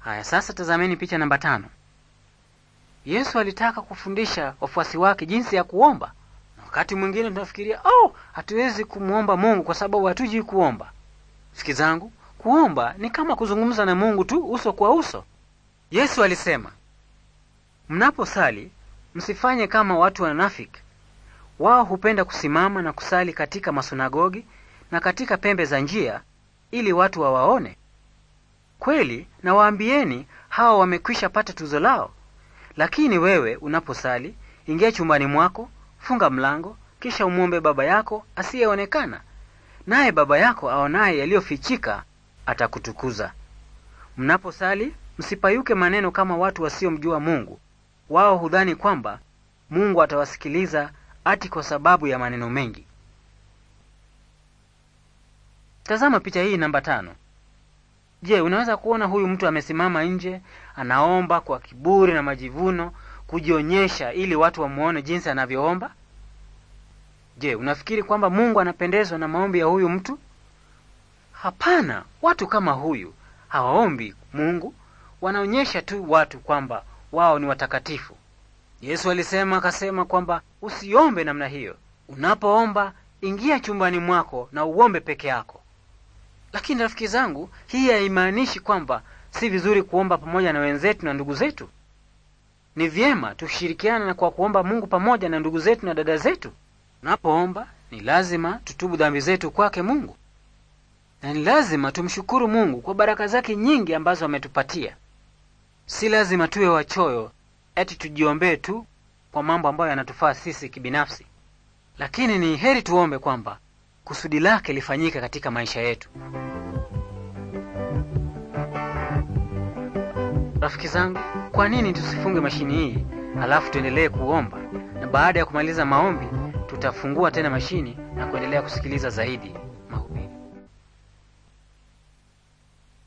Haya, sasa tazameni picha namba tano. Yesu alitaka kufundisha wafuasi wake jinsi ya kuomba, na wakati mwingine tunafikiria oh, hatuwezi kumwomba Mungu kwa sababu hatujui kuomba. Rafiki zangu, kuomba ni kama kuzungumza na Mungu tu uso kwa uso. Yesu alisema, mnaposali msifanye kama watu wanafiki. Wao hupenda kusimama na kusali katika masunagogi na katika pembe za njia ili watu wawaone. Kweli nawaambieni, hawa wamekwisha pata tuzo lao. Lakini wewe unaposali, ingia chumbani mwako, funga mlango, kisha umwombe Baba yako asiyeonekana, naye Baba yako aonaye yaliyofichika atakutukuza. Mnaposali msipayuke maneno kama watu wasiomjua Mungu. Wao hudhani kwamba Mungu atawasikiliza ati kwa sababu ya maneno mengi. Tazama picha hii namba tano. Je, unaweza kuona huyu mtu amesimama nje anaomba kwa kiburi na majivuno, kujionyesha ili watu wamuone jinsi anavyoomba? Je, unafikiri kwamba Mungu anapendezwa na maombi ya huyu mtu? Hapana, watu kama huyu hawaombi Mungu, wanaonyesha tu watu kwamba wao ni watakatifu. Yesu alisema akasema kwamba usiombe namna hiyo. Unapoomba, ingia chumbani mwako na uombe peke yako. Lakini rafiki zangu, hii haimaanishi kwamba si vizuri kuomba pamoja na wenzetu na ndugu zetu. Ni vyema tushirikiane kwa kuomba Mungu pamoja na ndugu zetu na dada zetu. Tunapoomba ni lazima tutubu dhambi zetu kwake Mungu, na ni lazima tumshukuru Mungu kwa baraka zake nyingi ambazo ametupatia. Si lazima tuwe wachoyo eti tujiombee tu kwa mambo ambayo yanatufaa sisi kibinafsi, lakini ni heri tuombe kwamba kusudi lake lifanyike katika maisha yetu. Rafiki zangu, kwa nini tusifunge mashini hii alafu tuendelee kuomba, na baada ya kumaliza maombi tutafungua tena mashini na kuendelea kusikiliza zaidi mahubiri.